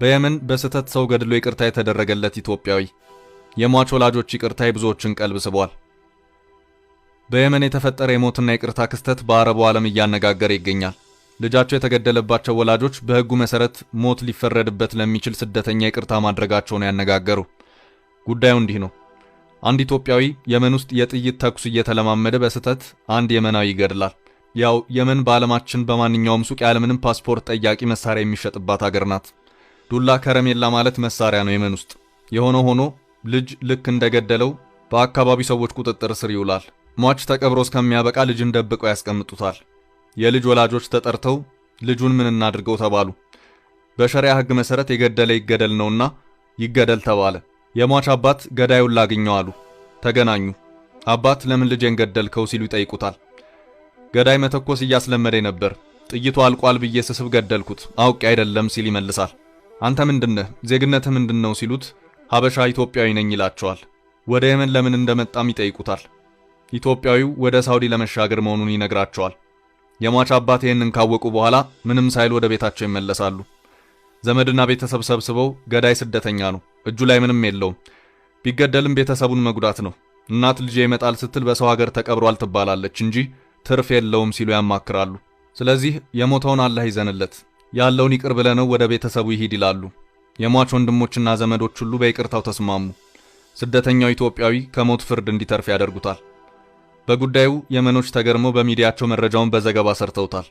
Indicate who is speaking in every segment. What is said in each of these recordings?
Speaker 1: በየመን በስህተት ሰው ገድሎ ይቅርታ የተደረገለት ኢትዮጵያዊ የሟች ወላጆች ይቅርታ የብዙዎችን ቀልብ ስቧል። በየመን የተፈጠረ የሞትና ይቅርታ ክስተት በአረቡ ዓለም እያነጋገረ ይገኛል። ልጃቸው የተገደለባቸው ወላጆች በሕጉ መሠረት ሞት ሊፈረድበት ለሚችል ስደተኛ ይቅርታ ማድረጋቸውን ያነጋገሩ። ጉዳዩ እንዲህ ነው። አንድ ኢትዮጵያዊ የመን ውስጥ የጥይት ተኩስ እየተለማመደ በስህተት አንድ የመናዊ ይገድላል። ያው የመን በዓለማችን በማንኛውም ሱቅ ያለምንም ፓስፖርት ጠያቂ መሳሪያ የሚሸጥባት አገር ናት። ዱላ ከረሜላ ማለት መሳሪያ ነው የመን ውስጥ። የሆነ ሆኖ ልጅ ልክ እንደገደለው በአካባቢው ሰዎች ቁጥጥር ስር ይውላል። ሟች ተቀብሮ እስከሚያበቃ ልጅን ደብቀው ያስቀምጡታል። የልጅ ወላጆች ተጠርተው ልጁን ምን እናድርገው ተባሉ። በሸሪያ ሕግ መሰረት የገደለ ይገደል ነውና ይገደል ተባለ። የሟች አባት ገዳዩን ላግኘው አሉ። ተገናኙ። አባት ለምን ልጄን ገደልከው ሲሉ ይጠይቁታል። ገዳይ መተኮስ እያስለመደ ነበር፣ ጥይቱ አልቋል ብዬ ስስብ ገደልኩት አውቄ አይደለም ሲል ይመልሳል። አንተ ምንድነህ? ምንድን ምንድነው? ሲሉት ሀበሻ ኢትዮጵያዊ ነኝ ይላቸዋል። ወደ የመን ለምን እንደመጣም ይጠይቁታል። ኢትዮጵያዊው ወደ ሳውዲ ለመሻገር መሆኑን ይነግራቸዋል። የሟች አባት ይህንን ካወቁ በኋላ ምንም ሳይል ወደ ቤታቸው ይመለሳሉ። ዘመድና ቤተሰብ ሰብስበው ገዳይ ስደተኛ ነው፣ እጁ ላይ ምንም የለውም፣ ቢገደልም ቤተሰቡን መጉዳት ነው። እናት ልጄ ይመጣል ስትል በሰው ሀገር ተቀብሯል ትባላለች እንጂ ትርፍ የለውም ሲሉ ያማክራሉ። ስለዚህ የሞተውን አላህ ይዘንለት ያለውን ይቅር ብለነው ወደ ቤተሰቡ ይሂድ ይላሉ። የሟች ወንድሞችና ዘመዶች ሁሉ በይቅርታው ተስማሙ። ስደተኛው ኢትዮጵያዊ ከሞት ፍርድ እንዲተርፍ ያደርጉታል። በጉዳዩ የመኖች ተገርመው በሚዲያቸው መረጃውን በዘገባ ሰርተውታል።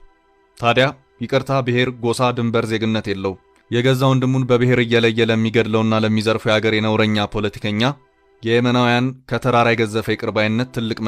Speaker 1: ታዲያ ይቅርታ ብሔር፣ ጎሳ፣ ድንበር፣ ዜግነት የለው። የገዛ ወንድሙን በብሔር እየለየ ለሚገድለውና ለሚዘርፈው የአገር የነውረኛ ፖለቲከኛ የየመናውያን ከተራራ የገዘፈ ይቅርባይነት ትልቅ